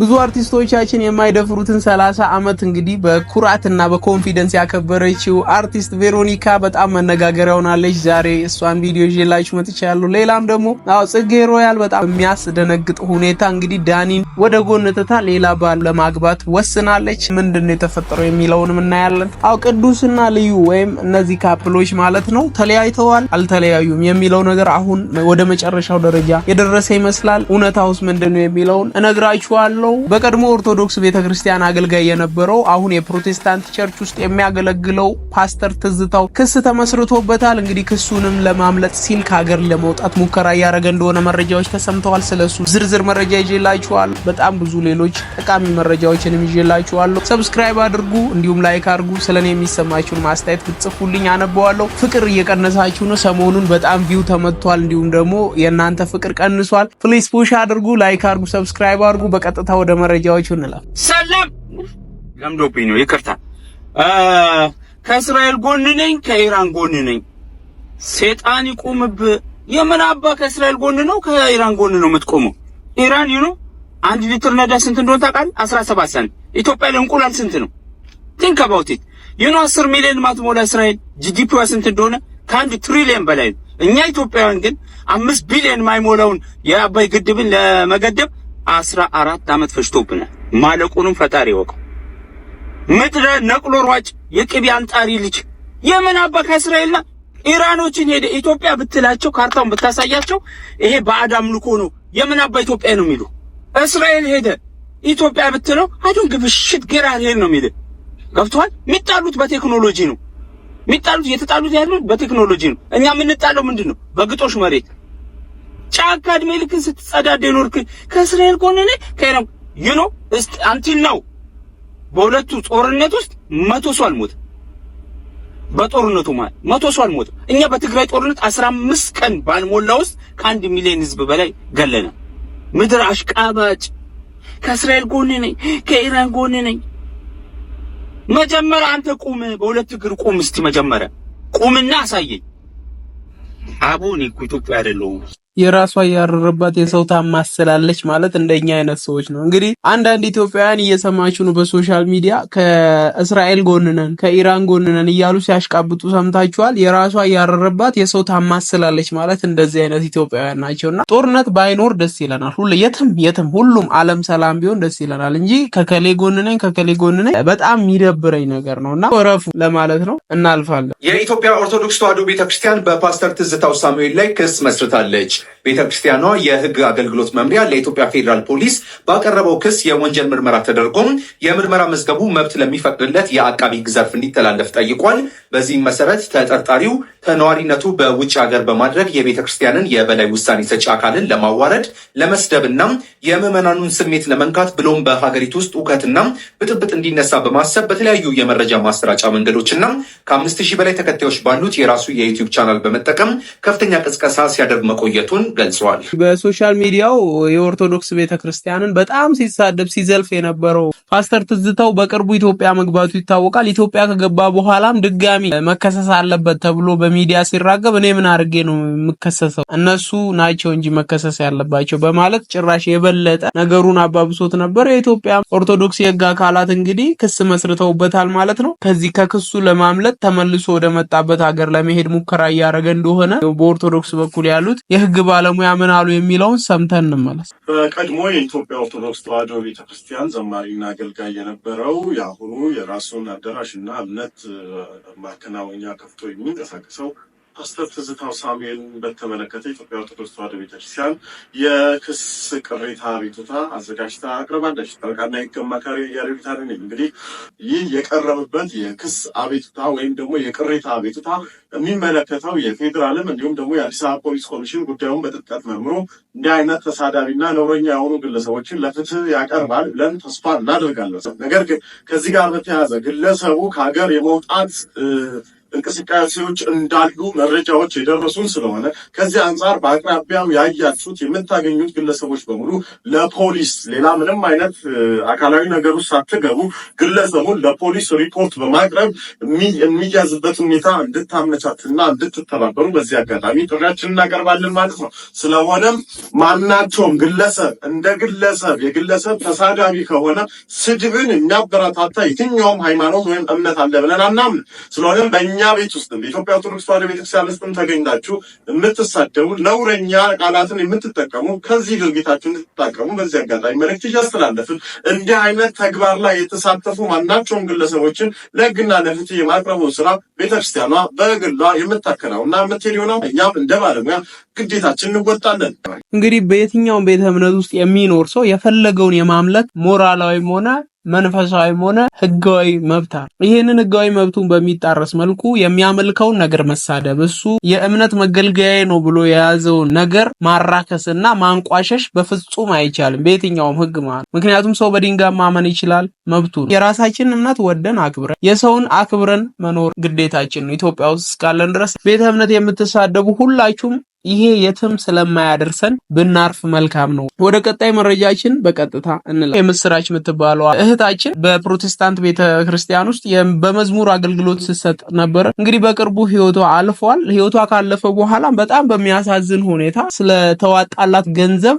ብዙ አርቲስቶቻችን የማይደፍሩትን ሰላሳ ዓመት እንግዲህ በኩራትና በኮንፊደንስ ያከበረችው አርቲስት ቬሮኒካ በጣም መነጋገሪያ ሆናለች። ዛሬ እሷን ቪዲዮ ይዤላችሁ መጥቻለሁ። ሌላም ደግሞ አዎ ጽጌ ሮያል በጣም የሚያስደነግጥ ሁኔታ እንግዲህ ዳኒን ወደ ጎን ትታ ሌላ ባል ለማግባት ወስናለች። ምንድን ነው የተፈጠረው የሚለውንም እናያለን። አዎ ቅዱስና ልዩ ወይም እነዚህ ካፕሎች ማለት ነው ተለያይተዋል አልተለያዩም የሚለው ነገር አሁን ወደ መጨረሻው ደረጃ የደረሰ ይመስላል። እውነታውስ ምንድን ነው የሚለውን እነግራችኋለሁ። ያለው በቀድሞ ኦርቶዶክስ ቤተ ክርስቲያን አገልጋይ የነበረው አሁን የፕሮቴስታንት ቸርች ውስጥ የሚያገለግለው ፓስተር ትዝታው ክስ ተመስርቶበታል። እንግዲህ ክሱንም ለማምለጥ ሲል ከሀገር ለመውጣት ሙከራ እያደረገ እንደሆነ መረጃዎች ተሰምተዋል። ስለሱ ዝርዝር መረጃ ይዤላችኋል። በጣም ብዙ ሌሎች ጠቃሚ መረጃዎችንም ይዤላችኋለሁ። ሰብስክራይብ አድርጉ፣ እንዲሁም ላይክ አድርጉ። ስለኔ የሚሰማችሁን ማስተያየት ብትጽፉልኝ አነበዋለሁ። ፍቅር እየቀነሳችሁ ነው። ሰሞኑን በጣም ቪው ተመቷል። እንዲሁም ደግሞ የእናንተ ፍቅር ቀንሷል። ፕሊስ ፑሽ አድርጉ፣ ላይክ አድርጉ፣ ሰብስክራይብ አድርጉ። በቀጥታ ወደ መረጃዎቹ እንለፍ። ሰላም ለምዶብኝ ነው ይቅርታ። ከእስራኤል ጎን ነኝ፣ ከኢራን ጎን ነኝ። ሴጣን ይቁምብ። የምን አባ ከእስራኤል ጎን ነው ከኢራን ጎን ነው የምትቆመው? ኢራን ይኑ አንድ ሊትር ነዳጅ ስንት እንደሆነ ታውቃለህ? 17 ሳንቲም። ኢትዮጵያ ላይ እንቁላል ስንት ነው? ቲንክ አባውት ኢት ይኑ 10 ሚሊዮን ማትሞላ እስራኤል ጂዲፒዋ ስንት እንደሆነ ከአንድ ትሪሊየን በላይ ነው። እኛ ኢትዮጵያውያን ግን አምስት ቢሊዮን ማይሞላውን የአባይ ግድብን ለመገደብ አስራ አራት ዓመት ፈጅቶብናል። ማለቁንም ፈጣሪ ይወቀው። ምድረ ነቅሎ ሯጭ የቅቤ አንጣሪ ልጅ የምን አባካ እስራኤልና ኢራኖችን ሄደ ኢትዮጵያ ብትላቸው ካርታውን ብታሳያቸው ይሄ ባዕድ አምልኮ ነው፣ የምን አባ ኢትዮጵያ ነው የሚሉ እስራኤል ሄደ ኢትዮጵያ ብትለው አይዶን ግብሽት ገራር ሄድ ነው የሚል ገብቷል። የሚጣሉት በቴክኖሎጂ ነው። የሚጣሉት እየተጣሉት ያሉት በቴክኖሎጂ ነው። እኛ የምንጣለው ምንድን ነው? በግጦሽ መሬት ጫካ እድሜ ልክን ስትጸዳደ ኖርክ። ከእስራኤል ጎን ነህ ከኢራን ዩኖ እስቲ አንቲል ነው። በሁለቱ ጦርነት ውስጥ መቶ ሰው አልሞትም። በጦርነቱ ማለት መቶ ሰው አልሞትም። እኛ በትግራይ ጦርነት አስራ አምስት ቀን ባልሞላ ውስጥ ከአንድ ሚሊዮን ህዝብ በላይ ገለናል። ምድር አሽቃባጭ። ከእስራኤል ጎን ነኝ፣ ከኢራን ጎን ነኝ። መጀመሪያ አንተ ቁም፣ በሁለት እግር ቁም። እስቲ መጀመሪያ ቁምና አሳየኝ። አቦ እኔ እኮ ኢትዮጵያ አይደለሁም። የራሷ እያረረባት የሰው ታማስላለች ማለት እንደኛ አይነት ሰዎች ነው። እንግዲህ አንዳንድ ኢትዮጵያውያን እየሰማችሁ ነው በሶሻል ሚዲያ ከእስራኤል ጎንነን ከኢራን ጎንነን እያሉ ሲያሽቃብጡ ሰምታችኋል። የራሷ ያረረባት የሰው ታማስላለች ማለት እንደዚህ አይነት ኢትዮጵያውያን ናቸውና ጦርነት ባይኖር ደስ ይለናል። ሁሉ የትም የትም ሁሉም ዓለም ሰላም ቢሆን ደስ ይለናል እንጂ ከከሌ ጎንነኝ ከከሌ ጎንነኝ በጣም የሚደብረኝ ነገር እና ወረፉ ለማለት ነው። እናልፋለን። የኢትዮጵያ ኦርቶዶክስ ተዋሕዶ ቤተክርስቲያን በፓስተር ትዝታው ሳሙኤል ላይ ክስ መስርታለች። ቤተ ክርስቲያኗ የህግ አገልግሎት መምሪያ ለኢትዮጵያ ፌዴራል ፖሊስ ባቀረበው ክስ የወንጀል ምርመራ ተደርጎም የምርመራ መዝገቡ መብት ለሚፈቅድለት የአቃቢ ህግ ዘርፍ እንዲተላለፍ ጠይቋል። በዚህም መሰረት ተጠርጣሪው ተነዋሪነቱ በውጭ ሀገር በማድረግ የቤተ ክርስቲያንን የበላይ ውሳኔ ሰጪ አካልን ለማዋረድ ለመስደብና የምዕመናኑን ስሜት ለመንካት ብሎም በሀገሪቱ ውስጥ እውከትና ብጥብጥ እንዲነሳ በማሰብ በተለያዩ የመረጃ ማሰራጫ መንገዶችና ከአምስት ሺህ በላይ ተከታዮች ባሉት የራሱ የዩቲዩብ ቻናል በመጠቀም ከፍተኛ ቅስቀሳ ሲያደርግ መቆየቱ መቆየቱን ገልጸዋል። በሶሻል ሚዲያው የኦርቶዶክስ ቤተ ክርስቲያንን በጣም ሲሳደብ ሲዘልፍ የነበረው ፓስተር ትዝታው በቅርቡ ኢትዮጵያ መግባቱ ይታወቃል። ኢትዮጵያ ከገባ በኋላም ድጋሚ መከሰስ አለበት ተብሎ በሚዲያ ሲራገብ እኔ ምን አድርጌ ነው የምከሰሰው? እነሱ ናቸው እንጂ መከሰስ ያለባቸው በማለት ጭራሽ የበለጠ ነገሩን አባብሶት ነበር። የኢትዮጵያ ኦርቶዶክስ የህግ አካላት እንግዲህ ክስ መስርተውበታል ማለት ነው። ከዚህ ከክሱ ለማምለጥ ተመልሶ ወደ መጣበት ሀገር ለመሄድ ሙከራ እያደረገ እንደሆነ በኦርቶዶክስ በኩል ያሉት የህግ ባለሙያ ምን አሉ የሚለውን ሰምተን እንመለስ። በቀድሞ የኢትዮጵያ ኦርቶዶክስ ተዋሕዶ ቤተክርስቲያን ዘማሪና አገልጋይ የነበረው የአሁኑ የራሱን እና እምነት ማከናወኛ ከፍቶ የሚንቀሳቀሰው ፓስተር ትዝታው ሳሙኤልን በተመለከተ የኢትዮጵያ ኦርቶዶክስ ተዋሕዶ ቤተክርስቲያን የክስ ቅሬታ አቤቱታ አዘጋጅታ አቅርባለች። ጠበቃና የሕግ አማካሪ ያሬድ ነኝ። እንግዲህ ይህ የቀረበበት የክስ አቤቱታ ወይም ደግሞ የቅሬታ አቤቱታ የሚመለከተው የፌዴራልም እንዲሁም ደግሞ የአዲስ አበባ ፖሊስ ኮሚሽን ጉዳዩን በጥልቀት መርምሮ እንዲህ አይነት ተሳዳቢና ነውረኛ የሆኑ ግለሰቦችን ለፍትህ ያቀርባል ብለን ተስፋ እናደርጋለን። ነገር ግን ከዚህ ጋር በተያያዘ ግለሰቡ ከሀገር የመውጣት እንቅስቃሴዎች እንዳሉ መረጃዎች የደረሱን ስለሆነ ከዚህ አንጻር በአቅራቢያም ያያችሁት የምታገኙት ግለሰቦች በሙሉ ለፖሊስ ሌላ ምንም አይነት አካላዊ ነገር ውስጥ ሳትገቡ ግለሰቡን ለፖሊስ ሪፖርት በማቅረብ የሚያዝበት ሁኔታ እንድታመቻትና እንድትተባበሩ በዚህ አጋጣሚ ጥሪያችን እናቀርባለን ማለት ነው። ስለሆነም ማናቸውም ግለሰብ እንደ ግለሰብ የግለሰብ ተሳዳቢ ከሆነ ስድብን የሚያበረታታ የትኛውም ሃይማኖት ወይም እምነት አለ ብለን አናምን። ስለሆነም እኛ ቤት ውስጥም በኢትዮጵያ ኦርቶዶክስ ተዋህዶ ቤተክርስቲያን ውስጥም ተገኝታችሁ የምትሳደቡ ነውረኛ ቃላትን የምትጠቀሙ ከዚህ ድርጊታችሁ እንድትታቀሙ በዚህ አጋጣሚ መልእክት እያስተላለፍን እንዲህ አይነት ተግባር ላይ የተሳተፉ ማናቸውም ግለሰቦችን ለሕግና ለፍትህ የማቅረቡን ስራ ቤተክርስቲያኗ በግሏ የምታከናውና የምትሄድ ሆና እኛም እንደ ባለሙያ ግዴታችን እንወጣለን። እንግዲህ በየትኛውም ቤተ እምነት ውስጥ የሚኖር ሰው የፈለገውን የማምለክ ሞራላዊም ሆነ መንፈሳዊም ሆነ ህጋዊ መብት አለ። ይህንን ህጋዊ መብቱን በሚጣረስ መልኩ የሚያመልከውን ነገር መሳደብ፣ እሱ የእምነት መገልገያ ነው ብሎ የያዘውን ነገር ማራከስና ማንቋሸሽ በፍጹም አይቻልም በየትኛውም ህግ ማለት። ምክንያቱም ሰው በድንጋይ ማመን ይችላል፣ መብቱ ነው። የራሳችንን እምነት ወደን አክብረን የሰውን አክብረን መኖር ግዴታችን ነው። ኢትዮጵያ ውስጥ እስካለን ድረስ ቤተ እምነት የምትሳደቡ ሁላችሁም ይሄ የትም ስለማያደርሰን ብናርፍ መልካም ነው። ወደ ቀጣይ መረጃችን በቀጥታ እንላ የምስራች የምትባለዋ እህታችን በፕሮቴስታንት ቤተ ክርስቲያን ውስጥ በመዝሙር አገልግሎት ስትሰጥ ነበረ። እንግዲህ በቅርቡ ህይወቷ አልፏል። ህይወቷ ካለፈ በኋላ በጣም በሚያሳዝን ሁኔታ ስለተዋጣላት ገንዘብ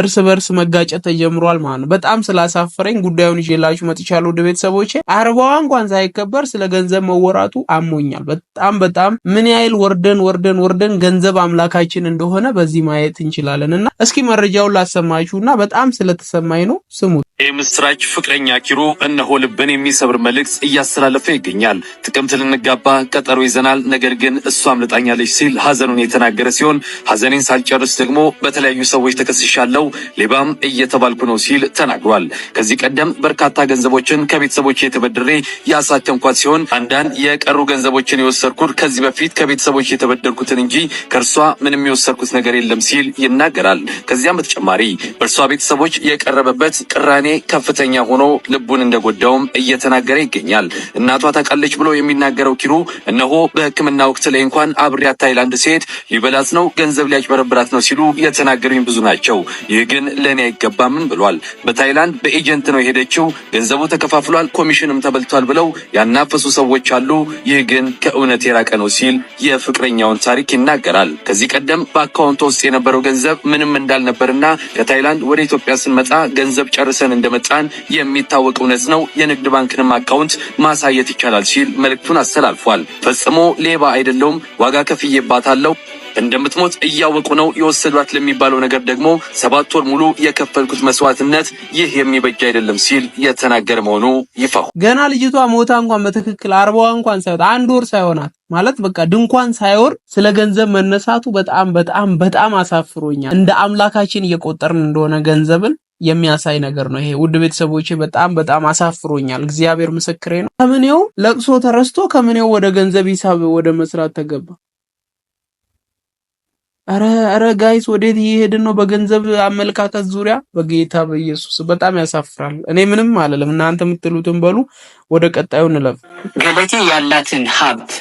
እርስ በርስ መጋጨት ተጀምሯል ማለት ነው። በጣም ስላሳፈረኝ ጉዳዩን ይዤላችሁ መጥቻለሁ ወደ ቤተሰቦቼ። አርባዋ እንኳን ሳይከበር ስለ ገንዘብ መወራቱ አሞኛል። በጣም በጣም ምን ያህል ወርደን ወርደን ወርደን ገንዘብ አምላካችን እንደሆነ በዚህ ማየት እንችላለን። እና እስኪ መረጃውን ላሰማችሁ እና በጣም ስለተሰማኝ ነው ስሙት። የምስራች ፍቅረኛ ኪሩ እነሆ ልብን የሚሰብር መልእክት እያስተላለፈ ይገኛል። ጥቅምት ልንጋባ ቀጠሮ ይዘናል፣ ነገር ግን እሷ አምልጣኛለች ሲል ሀዘኑን የተናገረ ሲሆን ሀዘኔን ሳልጨርስ ደግሞ በተለያዩ ሰዎች ተከስሻል ያለው ሌባም እየተባልኩ ነው ሲል ተናግሯል። ከዚህ ቀደም በርካታ ገንዘቦችን ከቤተሰቦች የተበድሬ ያሳተምኳት ሲሆን አንዳንድ የቀሩ ገንዘቦችን የወሰድኩት ከዚህ በፊት ከቤተሰቦች የተበደርኩትን እንጂ ከእርሷ ምንም የወሰድኩት ነገር የለም ሲል ይናገራል። ከዚያም በተጨማሪ በእርሷ ቤተሰቦች የቀረበበት ቅራኔ ከፍተኛ ሆኖ ልቡን እንደጎዳውም እየተናገረ ይገኛል። እናቷ ታውቃለች ብሎ የሚናገረው ኪሩ እነሆ በሕክምና ወቅት ላይ እንኳን አብሬያት ታይላንድ ሲሄድ ሊበላት ነው፣ ገንዘብ ሊያጭበረብራት ነው ሲሉ የተናገሩኝ ብዙ ናቸው። ይህ ግን ለእኔ አይገባምን ብሏል። በታይላንድ በኤጀንት ነው የሄደችው፣ ገንዘቡ ተከፋፍሏል፣ ኮሚሽንም ተበልቷል ብለው ያናፈሱ ሰዎች አሉ። ይህ ግን ከእውነት የራቀ ነው ሲል የፍቅረኛውን ታሪክ ይናገራል። ከዚህ ቀደም በአካውንቶ ውስጥ የነበረው ገንዘብ ምንም እንዳልነበርና ከታይላንድ ወደ ኢትዮጵያ ስንመጣ ገንዘብ ጨርሰን እንደመጣን የሚታወቅ እውነት ነው። የንግድ ባንክንም አካውንት ማሳየት ይቻላል ሲል መልእክቱን አስተላልፏል። ፈጽሞ ሌባ አይደለውም፣ ዋጋ ከፍዬባታለሁ እንደምትሞት እያወቁ ነው የወሰዷት ለሚባለው ነገር ደግሞ ሰባት ወር ሙሉ የከፈልኩት መስዋዕትነት ይህ የሚበጅ አይደለም ሲል የተናገረ መሆኑ ይፋ ገና ልጅቷ ሞታ እንኳን በትክክል አርባዋ እንኳን ሳይወጣ አንድ ወር ሳይሆናት ማለት በቃ ድንኳን ሳይወር ስለ ገንዘብ መነሳቱ በጣም በጣም በጣም አሳፍሮኛል። እንደ አምላካችን እየቆጠርን እንደሆነ ገንዘብን የሚያሳይ ነገር ነው ይሄ። ውድ ቤተሰቦቼ በጣም በጣም አሳፍሮኛል። እግዚአብሔር ምስክሬ ነው። ከምኔው ለቅሶ ተረስቶ ከምኔው ወደ ገንዘብ ሂሳብ ወደ መስራት ተገባ። አረ አረ ጋይስ ወዴት እየሄድን ነው? በገንዘብ አመለካከት ዙሪያ በጌታ በኢየሱስ በጣም ያሳፍራል። እኔ ምንም አልልም፣ እናንተ የምትሉትን በሉ። ወደ ቀጣዩ እንለፍ። ገለቴ ያላትን ሀብት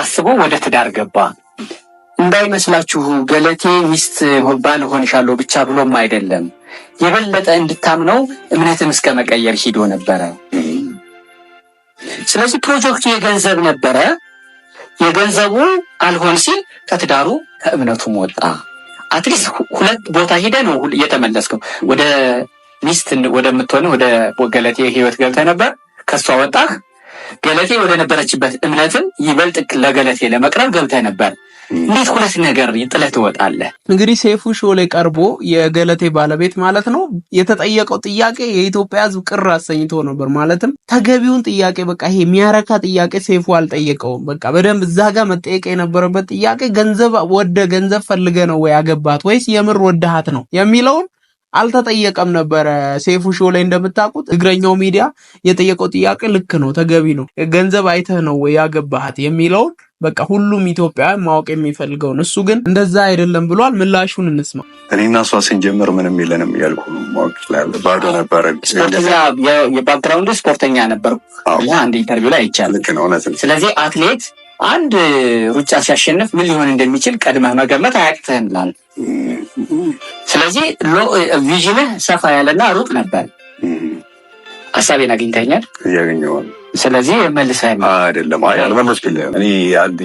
አስቦ ወደ ትዳር ገባ። እንዳይመስላችሁ ገለቴ ሚስት ባል ሆንሻለሁ ብቻ ብሎም አይደለም። የበለጠ እንድታምነው እምነትን እስከ መቀየር ሂዶ ነበረ። ስለዚህ ፕሮጀክቱ የገንዘብ ነበረ የገንዘቡ አልሆን ሲል ከትዳሩ ከእምነቱም ወጣ። አትሊስት ሁለት ቦታ ሂደ ነው እየተመለስከው ወደ ሚስት ወደምትሆን ወደ ገለቴ ህይወት ገብተ ነበር፣ ከእሷ ወጣህ። ገለቴ ወደ ነበረችበት እምነትን ይበልጥ ለገለቴ ለመቅረብ ገብተ ነበር። እንዴት ሁለት ነገር ጥለት ትወጣለህ? እንግዲህ ሴፉ ሾው ላይ ቀርቦ የገለቴ ባለቤት ማለት ነው የተጠየቀው ጥያቄ የኢትዮጵያ ሕዝብ ቅር አሰኝቶ ነበር። ማለትም ተገቢውን ጥያቄ በቃ ይሄ የሚያረካ ጥያቄ ሴፉ አልጠየቀውም። በቃ በደንብ እዛ ጋር መጠየቅ የነበረበት ጥያቄ ገንዘብ ወደ ገንዘብ ፈልገ ነው ወይ ያገባት ወይስ የምር ወደሃት ነው የሚለውን አልተጠየቀም ነበረ። ሴፉ ሾ ላይ እንደምታውቁት እግረኛው ሚዲያ የጠየቀው ጥያቄ ልክ ነው፣ ተገቢ ነው፣ ገንዘብ አይተህ ነው ወይ ያገባሃት የሚለውን በቃ ሁሉም ኢትዮጵያ ማወቅ የሚፈልገውን እሱ ግን እንደዛ አይደለም ብሏል። ምላሹን እንስማ። እኔና እሷ ስንጀምር ምንም የለንም እያልኩ ማወቅ ይችላል። ባዶ ነበረ። የባክግራውንድ ስፖርተኛ ነበርኩ አንድ ኢንተርቪው ላይ ይቻል። ስለዚህ አትሌት አንድ ሩጫ ሲያሸንፍ ምን ሊሆን እንደሚችል ቀድመህ መገመት አያቅትህም ላል ስለዚህ ቪዥንህ ሰፋ ያለና ሩቅ ነበር። ሀሳቤን አግኝተኛል። እያገኘዋል ስለዚህ መልሰህ አይደለም። አይ አልመለስክልህም። እኔ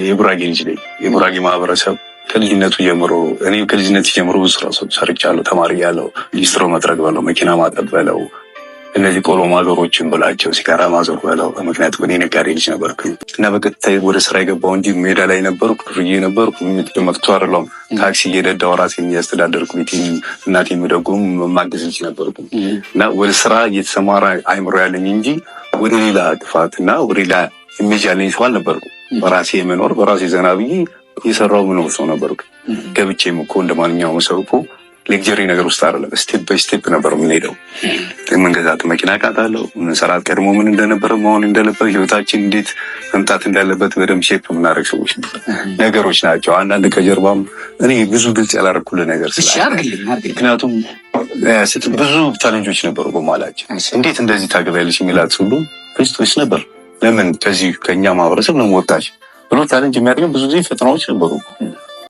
የጉራጌ ልጅ ነኝ። የጉራጌ ማህበረሰብ ከልጅነቱ ጀምሮ እኔ ከልጅነት ጀምሮ ብዙ ስራ ሰርቻለሁ። ተማሪ ያለው ሊስትሮ መጥረግ በለው፣ መኪና ማጠብ በለው እነዚህ ቆሎ ማገሮችን ብላቸው ሲጋራ ማዞር በለው። ምክንያቱም እኔ ነጋዴ ልጅ ነበርኩ እና በቀጥታ ወደ ስራ የገባው እንጂ ሜዳ ላይ ነበርኩ ርዬ ነበርኩ መጥቶ አይደለም ታክሲ እየነዳሁ ራሴን እያስተዳደርኩ ቤቴን እናቴ የሚደጉም ማገዝ ልጅ ነበርኩ እና ወደ ስራ እየተሰማራ አይምሮ ያለኝ እንጂ ወደ ሌላ ጥፋት እና ወደ ሌላ ኢሜጅ ያለኝ ሰው አልነበርኩ። በራሴ የመኖር በራሴ ዘና ብዬ የሰራው ምኖር ሰው ነበርኩ። ገብቼም እኮ እንደ ማንኛውም ሰው እኮ ሌክጀሪ ነገር ውስጥ አይደለም። ስቴፕ ባይ ስቴፕ ነበር የምንሄደው። የምንገዛት መኪና ቃጣለው ምንሰራት ቀድሞ ምን እንደነበረ መሆን እንደነበረ ህይወታችን እንዴት መምጣት እንዳለበት በደንብ ሼፕ የምናደርግ ሰዎች ነገሮች ናቸው። አንዳንድ ከጀርባም እኔ ብዙ ግልጽ ያላረኩልህ ነገር ስላለ ምክንያቱም ብዙ ቻለንጆች ነበሩ በማላቸው እንዴት እንደዚህ ታገቢያለሽ የሚላት ሁሉ ስ ነበር ለምን ከዚህ ከእኛ ማህበረሰብ ለመወጣች ብሎ ቻለንጅ የሚያደርገን ብዙ ጊዜ ፈተናዎች ነበሩ።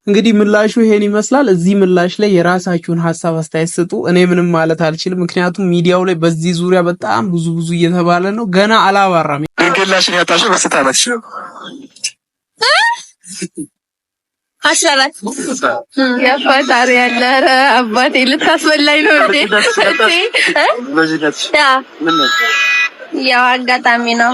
እንግዲህ ምላሹ ይሄን ይመስላል። እዚህ ምላሽ ላይ የራሳችሁን ሀሳብ አስተያየት ስጡ። እኔ ምንም ማለት አልችልም፣ ምክንያቱም ሚዲያው ላይ በዚህ ዙሪያ በጣም ብዙ ብዙ እየተባለ ነው። ገና አላባራም። ግላሽን ያጣሽው በስታ ነች አስራራት ያፋታሪ ያለ አባቴ ልታስበላኝ ነው እንዴ? ያው አጋጣሚ ነው።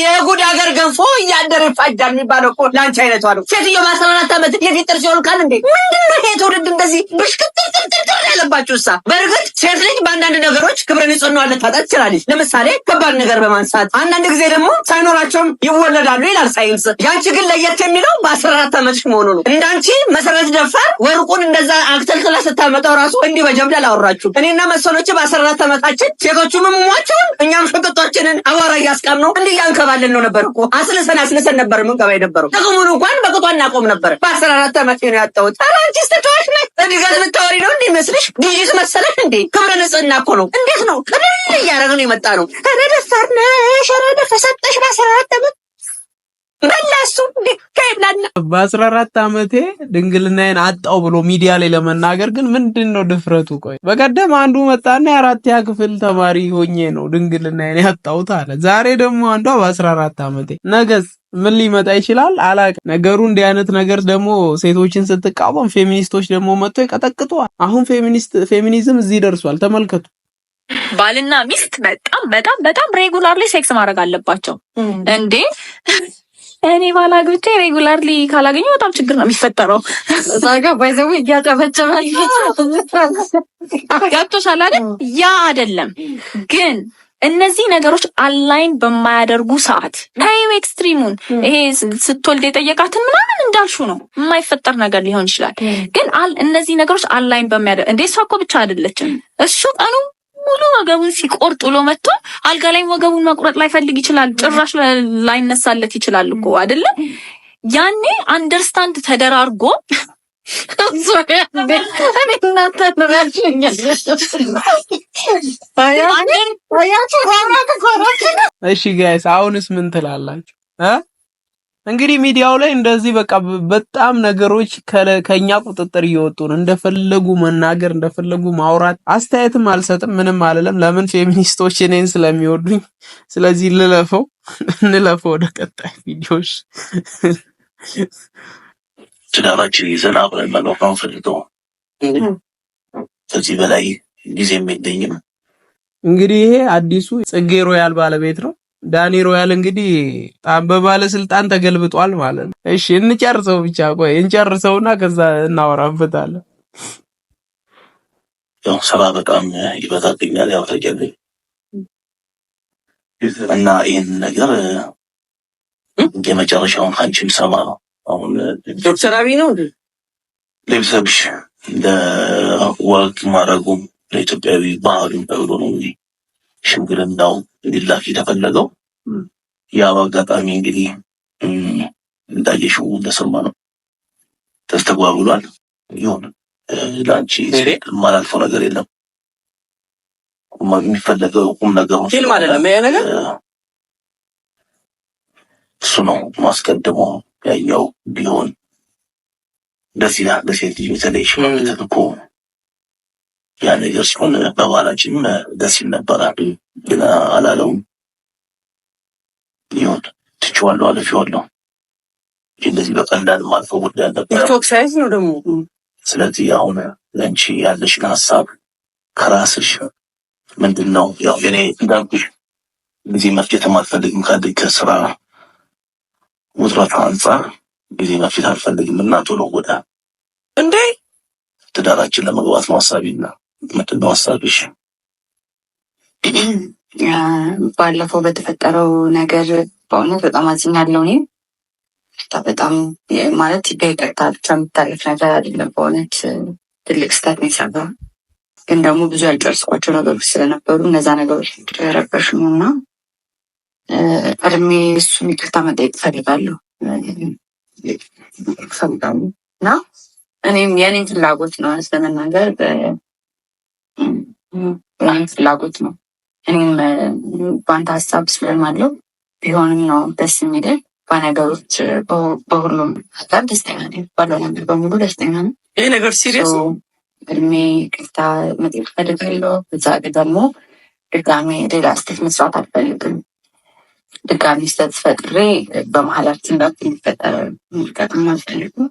የጉድ ሀገር ገንፎ እያደረ ይፋጃል የሚባለው እኮ ለአንቺ አይነቷ ነው። ሴትዮ በአስራ አራት ዓመት የፊጥር ሲሆን ካል እንዴ ምንድን ነው ይሄ እንደዚህ ብሽክትርትርትር ያለባችሁ? እሳ በእርግጥ ሴት ልጅ በአንዳንድ ነገሮች ክብረ ንጽህናዋን ልታጣ ትችላለች። ለምሳሌ ከባድ ነገር በማንሳት አንዳንድ ጊዜ ደግሞ ሳይኖራቸውም ይወለዳሉ ይላል ሳይንስ። ያንቺ ግን ለየት የሚለው በአስራ አራት ዓመትሽ መሆኑ ነው። እንዳንቺ መሰረት ደፋር ወርቁን እንደዛ አክተልትላ ስታመጣው ራሱ እንዲህ በጀምዳ እኔና መሰሎች በአስራ አራት ዓመታችን ሴቶቹ ምሙሟቸውን እኛም ሽቅጦችንን አቧራ እያስቀ ሰላም ነው እንዴ? ያንከባልን ነው ነበር እኮ አስልሰን አስልሰን ነበር ምን ገባ የነበረው ጥቅሙን እንኳን በቅጡ እናቆም ነበር። በአስራ አራት ዓመት ነው ያጣሁት። ኧረ አንቺስ ተጫዋች ነሽ እድገት ምታወሪ ነው እንዴ መስልሽ? ዲጂት መሰለሽ እንዴ? ክብረ ንጽህና እኮ ነው። እንዴት ነው ቅድል እያደረግን የመጣ ነው። ኧረ ደፋር ነሽ ኧረ ደፈሰጠሽ በአስራ አራት ዓመት መለሱ በአስራ አራት አመቴ ድንግልናዬን አጣው ብሎ ሚዲያ ላይ ለመናገር ግን ምንድን ነው ድፍረቱ? ቆይ በቀደም አንዱ መጣና የአራተኛ ክፍል ተማሪ ሆኜ ነው ድንግልናዬን ያጣውት አለ። ዛሬ ደግሞ አንዷ በአስራ አራት አመቴ ነገስ ምን ሊመጣ ይችላል? አላውቅም። ነገሩ እንዲህ አይነት ነገር ደግሞ ሴቶችን ስትቃወም ፌሚኒስቶች ደግሞ መጥቶ ይቀጠቅጠዋል። አሁን ፌሚኒዝም እዚህ ደርሷል። ተመልከቱ። ባልና ሚስት በጣም በጣም በጣም ሬጉላርሊ ሴክስ ማድረግ አለባቸው እንዴ እኔ ባላግብቼ ሬጉላርሊ ካላገኘ በጣም ችግር ነው የሚፈጠረው። እዛ ጋር ባይዘው እያጨበጨበ ገብቶሻል አይደል? ያ አይደለም ግን እነዚህ ነገሮች አላይን በማያደርጉ ሰዓት ታይም ኤክስትሪሙን ይሄ ስትወልድ የጠየቃትን ምናምን እንዳልሹ ነው የማይፈጠር ነገር ሊሆን ይችላል። ግን እነዚህ ነገሮች አላይን በሚያደርግ እንዴ እሷ እኮ ብቻ አይደለችም እሱ ቀኑ ሙሉ ወገቡን ሲቆርጥ ብሎ መጥቶ አልጋ ላይም ወገቡን መቁረጥ ላይፈልግ ይችላል። ጭራሽ ላይነሳለት ይችላል እኮ አይደለ? ያኔ አንደርስታንድ ተደራርጎ እሺ ጋይስ አሁንስ ምን ትላላችሁ? እንግዲህ ሚዲያው ላይ እንደዚህ በቃ በጣም ነገሮች ከኛ ቁጥጥር እየወጡ ነው። እንደፈለጉ መናገር፣ እንደፈለጉ ማውራት። አስተያየትም አልሰጥም፣ ምንም አልልም። ለምን ፌሚኒስቶች እኔን ስለሚወዱኝ። ስለዚህ ልለፈው እንለፈው ወደ ቀጣይ ቪዲዮች ትዳራችን ይዘን አብረን መኖር ነው ፈልገው ከዚህ በላይ ጊዜ የሚገኝም እንግዲህ ይሄ አዲሱ ጽጌ ሮያል ባለቤት ነው። ዳኒ ሮያል እንግዲህ በጣም በባለስልጣን ተገልብጧል ማለት ነው። እሺ እንጨርሰው ብቻ ቆይ እንጨርሰውና ከዛ እናወራበታለን። ያው ስራ በጣም ይበዛብኛል፣ ያው ተገልኝ እና ይህን ነገር የመጨረሻውን አንቺም ሰማ ነው። አሁን ዶክተር አብይ ነው ልብሰብሽ ለወግ ማድረጉም ለኢትዮጵያዊ ባህሉም ተብሎ ነው እንግዲህ ሽምግልናው እንዲላክ የተፈለገው ያ በአጋጣሚ እንግዲህ እንዳየሽው እንደሰማ ነው ተስተጓጉሏል። ይሁን ለአንቺ የማላልፈው ነገር የለም። የሚፈለገው ቁም ነገር እሱ ነው። ማስቀድሞ ያየው ቢሆን ደስ ይላል። ለሴት ልጅ በተለይ ሽማግሌ እኮ ያ ነገር ሲሆን በባህላችንም ደስ ይል ነበር። ግን አላለውም። ይሁን ትችዋለሁ፣ አለፊዋለሁ። እንደዚህ በቀላል ማልፈው ጉዳይ አለበት። ቲክቶክ ሳይዝ ነው ደግሞ። ስለዚህ አሁን ለንቺ ያለሽን ሀሳብ ከራስሽ ምንድን ነው? ያው እኔ እንዳልኩሽ ጊዜ መፍጀት አልፈልግም። ከአንድ ከስራ ውጥረት አንጻር ጊዜ መፍጀት አልፈልግም እና ቶሎ ወደ እንዴ ትዳራችን ለመግባት ማሳቢና ምንድነው ሀሳብሽ? ባለፈው በተፈጠረው ነገር በእውነት በጣም አዝኛለሁ። እኔ በጣም ማለት በይቅርታ ብቻ የምታለፍ ነገር አይደለም። በእውነት ትልቅ ስህተት ነው የሰራው። ግን ደግሞ ብዙ ያልጨርስኳቸው ነገሮች ስለነበሩ እነዛ ነገሮች ረበሽ ነው እና ቀድሜ እሱም ይቅርታ መጠየቅ እፈልጋለሁ እና እኔም የኔን ፍላጎት ነው ስለመናገር ብርሃን ፍላጎት ነው። እኔም በአንተ ሀሳብ ስለማለው ቢሆንም ነው ደስ የሚለኝ። በነገሮች በሁሉም ሀሳብ ደስተኛ ነኝ። ባለው ነገር በሙሉ ደስተኛ ነው። ይህ ነገር ሲሪየስ እድሜ ቅርታ መጠየቅ ፈልጋለሁ። እዛ ደግሞ ድጋሜ ሌላ ስህተት መስራት አልፈልግም። ድጋሜ ስህተት ፈጥሬ በመሀላችን ጋር የሚፈጠር የሚቀጥም አልፈልግም።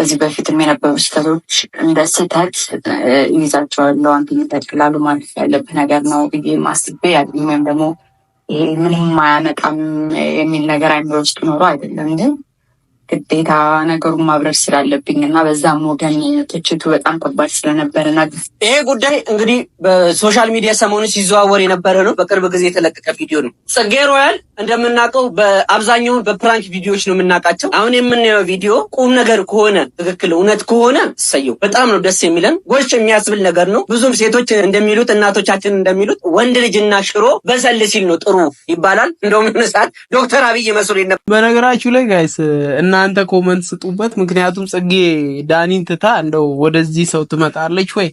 ከዚህ በፊት የነበሩ ስህተቶች እንደ ስህተት ይዛቸዋለሁ። አንተኛ ጠቅላሉ ማለት ያለብህ ነገር ነው ብዬ ማስቤ ያለኝ ወይም ደግሞ ይሄ ምንም አያመጣም የሚል ነገር አይምሮ ውስጥ ኖሮ አይደለም ግን ግዴታ ነገሩን ማብረር ስላለብኝ እና በዛም ወገን ትችቱ በጣም ከባድ ስለነበረ ና ይሄ ጉዳይ እንግዲህ በሶሻል ሚዲያ ሰሞኑን ሲዘዋወር የነበረ ነው። በቅርብ ጊዜ የተለቀቀ ቪዲዮ ነው። ጽጌ ሮያል እንደምናውቀው በአብዛኛውን በፕራንክ ቪዲዮዎች ነው የምናውቃቸው። አሁን የምናየው ቪዲዮ ቁም ነገር ከሆነ ትክክል፣ እውነት ከሆነ ሰየው በጣም ነው ደስ የሚለን ጎች የሚያስብል ነገር ነው። ብዙም ሴቶች እንደሚሉት እናቶቻችን እንደሚሉት ወንድ ልጅና ሽሮ በሰል ሲል ነው ጥሩ ይባላል። እንደውም ሰዓት ዶክተር አብይ መስሎ በነገራችሁ ላይ ጋይስ እና እናንተ ኮመንት ስጡበት። ምክንያቱም ጽጌ ዳኒን ትታ እንደው ወደዚህ ሰው ትመጣለች ወይ?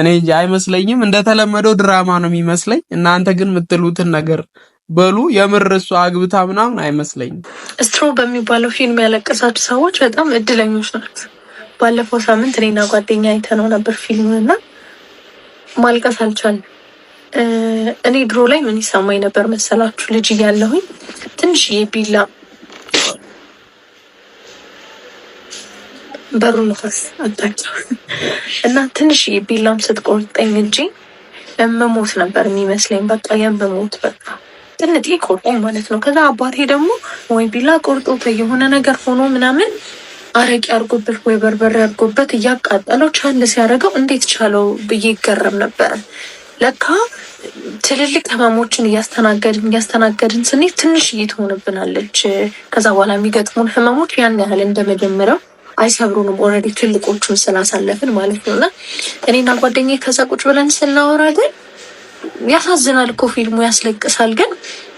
እኔ እንጂ አይመስለኝም። እንደተለመደው ድራማ ነው የሚመስለኝ። እናንተ ግን የምትሉትን ነገር በሉ። የምር እሱ አግብታ ምናምን አይመስለኝም። ስትሮ በሚባለው ፊልም ያለቀሳችሁ ሰዎች በጣም እድለኞች ናቸው። ባለፈው ሳምንት እኔና ጓደኛ አይተነው ነበር ፊልምና ማልቀስ አልቻልንም። እኔ ድሮ ላይ ምን ይሰማኝ ነበር መሰላችሁ? ልጅ እያለሁኝ ትንሽዬ ቢላ በሩ ንፋስ አጣቸው እና ትንሽ ቢላም ስትቆርጠኝ እንጂ የምሞት ነበር የሚመስለኝ። በቃ የምሞት በቃ ጥንጤ ቆርጠኝ ማለት ነው። ከዛ አባቴ ደግሞ ወይ ቢላ ቆርጦት የሆነ ነገር ሆኖ ምናምን አረቂ አድርጎበት ወይ በርበሬ አርጎበት እያቃጠለው ቻንድ ሲያደርገው እንዴት ቻለው ብዬ ይገረም ነበር ለካ ትልልቅ ህመሞችን እያስተናገድን እያስተናገድን ስኔ ትንሽ እየትሆንብናለች። ከዛ በኋላ የሚገጥሙን ህመሞች ያን ያህል እንደመጀመሪያው አይሰብሩንም። ኦልሬዲ ትልቆቹን ስላሳለፍን ማለት ነው። እና እኔና ጓደኛዬ ከዛ ቁጭ ብለን ስናወራ ግን ያሳዝናል እኮ ፊልሙ ያስለቅሳል። ግን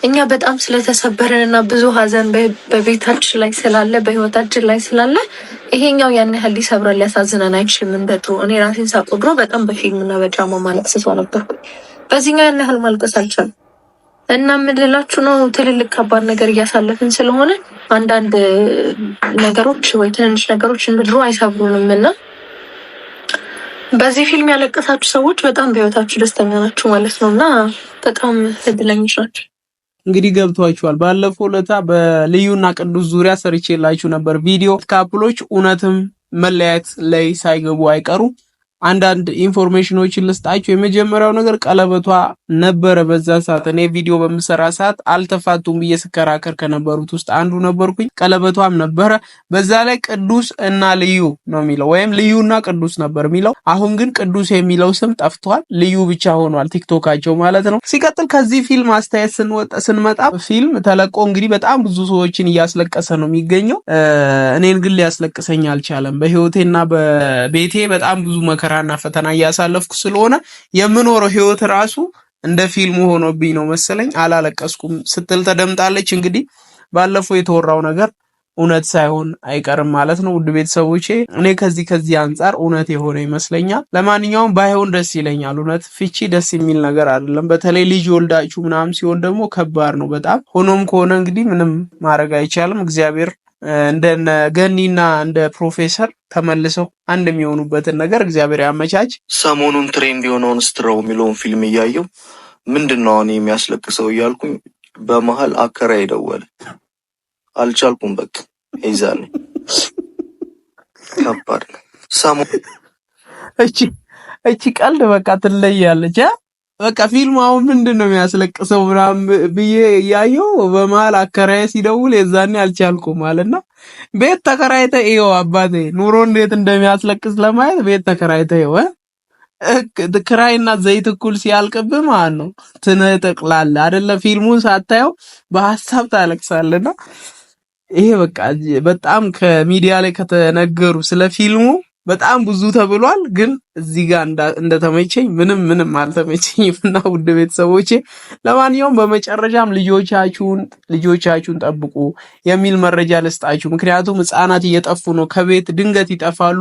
እኛ በጣም ስለተሰበረን እና ብዙ ሀዘን በቤታችን ላይ ስላለ በህይወታችን ላይ ስላለ ይሄኛው ያን ያህል ሊሰብረን ሊያሳዝነን አይችልም። እንደ እኔ ራሴን ሳቆድሮ በጣም በፊልምና በድራማ ማለቅስሷ ነበር። በዚህኛው ያን ያህል ማልቀስ አልቻልም። እና የምንላችሁ ነው ትልልቅ ከባድ ነገር እያሳለፍን ስለሆነ አንዳንድ ነገሮች ወይ ትንንሽ ነገሮች እንድድሮ አይሰብሩንም እና በዚህ ፊልም ያለቀሳችሁ ሰዎች በጣም በህይወታችሁ ደስተኛ ናችሁ ማለት ነው እና በጣም እድለኞች ናቸው። እንግዲህ ገብቷችኋል። ባለፈው ለታ በልዩና ቅዱስ ዙሪያ ሰርቼላችሁ ነበር ቪዲዮ። ካፕሎች እውነትም መለያየት ላይ ሳይገቡ አይቀሩ አንዳንድ ኢንፎርሜሽኖችን ልስጣቸው። የመጀመሪያው ነገር ቀለበቷ ነበረ። በዛ ሰዓት እኔ ቪዲዮ በምሰራ ሰዓት አልተፋቱም ብዬ ስከራከር ከነበሩት ውስጥ አንዱ ነበርኩኝ። ቀለበቷም ነበረ። በዛ ላይ ቅዱስ እና ልዩ ነው የሚለው ወይም ልዩና ቅዱስ ነበር የሚለው። አሁን ግን ቅዱስ የሚለው ስም ጠፍቷል፣ ልዩ ብቻ ሆኗል። ቲክቶካቸው ማለት ነው። ሲቀጥል ከዚህ ፊልም አስተያየት ስንመጣ ፊልም ተለቆ እንግዲህ በጣም ብዙ ሰዎችን እያስለቀሰ ነው የሚገኘው። እኔን ግን ሊያስለቅሰኝ አልቻለም። በህይወቴና በቤቴ በጣም ብዙ መከራ መከራና ፈተና እያሳለፍኩ ስለሆነ የምኖረው ህይወት ራሱ እንደ ፊልሙ ሆኖብኝ ነው መሰለኝ አላለቀስኩም ስትል ተደምጣለች። እንግዲህ ባለፈው የተወራው ነገር እውነት ሳይሆን አይቀርም ማለት ነው። ውድ ቤተሰቦቼ እኔ ከዚህ ከዚህ አንጻር እውነት የሆነ ይመስለኛል። ለማንኛውም ባይሆን ደስ ይለኛል። እውነት ፍቺ ደስ የሚል ነገር አይደለም። በተለይ ልጅ ወልዳችሁ ምናምን ሲሆን ደግሞ ከባድ ነው በጣም። ሆኖም ከሆነ እንግዲህ ምንም ማድረግ አይቻልም። እግዚአብሔር እንደነ ገኒና እንደ ፕሮፌሰር ተመልሰው አንድ የሚሆኑበትን ነገር እግዚአብሔር ያመቻች። ሰሞኑን ትሬንድ የሆነውን ስትረው የሚለውን ፊልም እያየው ምንድን ነው አሁን የሚያስለቅሰው እያልኩኝ በመሀል አከራይ ደወለ። አልቻልኩም። በቃ ይዛል ከባድ ነው። እቺ ቀልድ በቃ ትለያለች። በቃ ፊልሙ አሁን ምንድን ነው የሚያስለቅሰው ምናምን ብዬ እያየው በመሀል አከራዬ ሲደውል የዛኔ አልቻልኩም አለና ቤት ተከራይተ ይው አባቴ ኑሮ እንዴት እንደሚያስለቅስ ለማየት ቤት ተከራይተ ይው ክራይና ዘይት እኩል ሲያልቅብ ማለት ነው ትነጠቅላለህ አደለ ፊልሙን ሳታየው በሀሳብ ታለቅሳለና ይሄ በቃ በጣም ከሚዲያ ላይ ከተነገሩ ስለ ፊልሙ በጣም ብዙ ተብሏል። ግን እዚህ ጋር እንደተመቸኝ ምንም ምንም አልተመቸኝም እና ውድ ቤተሰቦቼ፣ ለማንኛውም በመጨረሻም ልጆቻችሁን ልጆቻችሁን ጠብቁ የሚል መረጃ ልስጣችሁ። ምክንያቱም ህጻናት እየጠፉ ነው፣ ከቤት ድንገት ይጠፋሉ።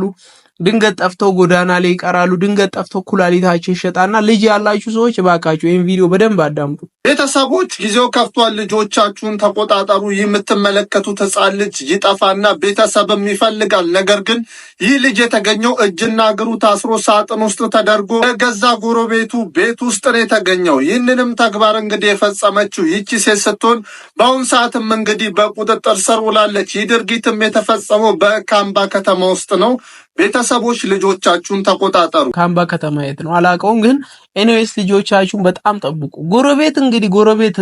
ድንገት ጠፍተው ጎዳና ላይ ይቀራሉ። ድንገት ጠፍተው ኩላሊታቸው ይሸጣና ልጅ ያላችሁ ሰዎች እባካችሁ ይህን ቪዲዮ በደንብ አዳምጡ። ቤተሰቦች ጊዜው ከፍቷል፣ ልጆቻችሁን ተቆጣጠሩ። የምትመለከቱት ህፃን ልጅ ይጠፋና ቤተሰብም ይፈልጋል። ነገር ግን ይህ ልጅ የተገኘው እጅና እግሩ ታስሮ ሳጥን ውስጥ ተደርጎ በገዛ ጎረቤቱ ቤት ውስጥ ነው የተገኘው። ይህንንም ተግባር እንግዲህ የፈጸመችው ይቺ ሴት ስትሆን በአሁን ሰዓትም እንግዲህ በቁጥጥር ስር ውላለች። ይህ ድርጊትም የተፈጸመው በካምባ ከተማ ውስጥ ነው። ቤተሰቦች ልጆቻችሁን ተቆጣጠሩ። ከአምባ ከተማ የት ነው አላውቀውም፣ ግን ኤኒዌይስ ልጆቻችሁን በጣም ጠብቁ። ጎረቤት እንግዲህ ጎረቤት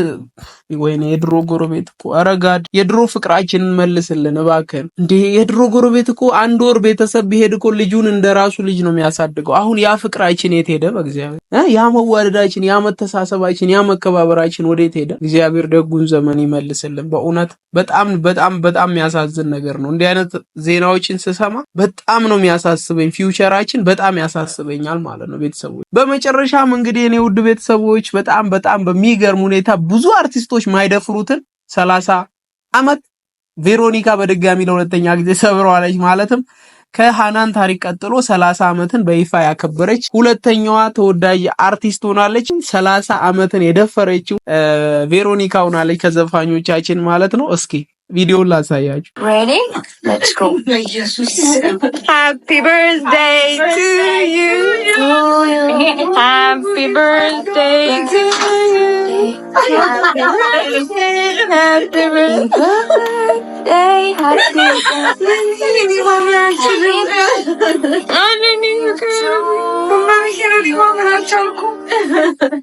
ወይ የድሮ ጎረቤት እኮ አረጋድ የድሮ ፍቅራችንን መልስልን እባክን። እንደ የድሮ ጎረቤት እኮ አንድ ወር ቤተሰብ ቢሄድ እኮ ልጁን እንደ ራሱ ልጅ ነው የሚያሳድገው። አሁን ያ ፍቅራችን የት ሄደ? በእግዚአብሔር ያ መዋደዳችን፣ ያ መተሳሰባችን፣ ያ መከባበራችን ወዴት ሄደ? እግዚአብሔር ደጉን ዘመን ይመልስልን። በእውነት በጣም በጣም በጣም የሚያሳዝን ነገር ነው። እንዲህ አይነት ዜናዎችን ስሰማ በጣም ነው የሚያሳስበኝ ፊውቸራችን በጣም ያሳስበኛል ማለት ነው ቤተሰቦች። በመጨረሻም እንግዲህ እኔ ውድ ቤተሰቦች በጣም በጣም በሚገርም ሁኔታ ብዙ አርቲስቶች ማይደፍሩትን ሰላሳ አመት ቬሮኒካ በድጋሚ ለሁለተኛ ጊዜ ሰብረዋለች ማለትም ከሃናን ታሪክ ቀጥሎ ሰላሳ ዓመትን በይፋ ያከበረች ሁለተኛዋ ተወዳጅ አርቲስት ሆናለች። ሰላሳ አመትን የደፈረችው ቬሮኒካ ሆናለች ከዘፋኞቻችን ማለት ነው። እስኪ video last year. Ready? Let's go. Happy birthday to you. Happy birthday to you. Happy birthday. Happy birthday. Happy birthday.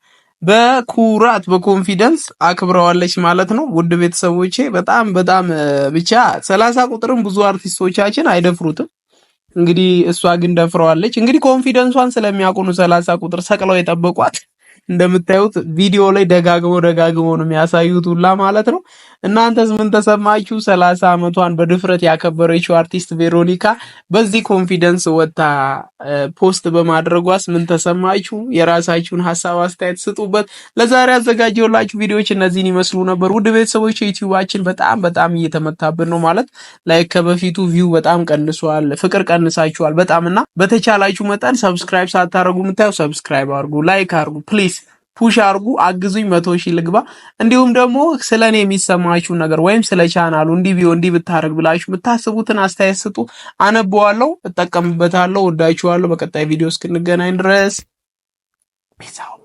በኩራት በኮንፊደንስ አክብረዋለች ማለት ነው። ውድ ቤተሰቦቼ በጣም በጣም ብቻ ሰላሳ ቁጥርም ብዙ አርቲስቶቻችን አይደፍሩትም። እንግዲህ እሷ ግን ደፍረዋለች። እንግዲህ ኮንፊደንሷን ስለሚያውቁ ሰላሳ ቁጥር ሰቅለው የጠበቋት። እንደምታዩት ቪዲዮ ላይ ደጋግሞ ደጋግሞ ነው የሚያሳዩት ሁላ ማለት ነው። እናንተስ ምን ተሰማችሁ? ሰላሳ አመቷን በድፍረት ያከበረችው አርቲስት ቬሮኒካ በዚህ ኮንፊደንስ ወጥታ ፖስት በማድረጓስ ምን ተሰማችሁ? የራሳችሁን ሀሳብ አስተያየት ስጡበት። ለዛሬ ያዘጋጀውላችሁ ቪዲዮዎች እነዚህን ይመስሉ ነበር። ውድ ቤተሰቦች ዩቲዩባችን በጣም በጣም እየተመታብን ነው ማለት ላይ ከበፊቱ ቪው በጣም ቀንሷል፣ ፍቅር ቀንሳችኋል በጣም እና በተቻላችሁ መጠን ሰብስክራይብ ሳታደርጉ የምታዩ ሰብስክራይብ አድርጉ፣ ላይክ አድርጉ ፕሊዝ ፑሽ አርጉ፣ አግዙኝ፣ መቶ ሺህ ልግባ። እንዲሁም ደግሞ ስለ እኔ የሚሰማችሁ ነገር ወይም ስለ ቻናሉ እንዲህ ቢሆን እንዲህ ብታደርግ ብላችሁ የምታስቡትን አስተያየት ስጡ። አነበዋለሁ፣ እጠቀምበታለሁ። ወዳችኋለሁ። በቀጣይ ቪዲዮ እስክንገናኝ ድረስ ቢዛው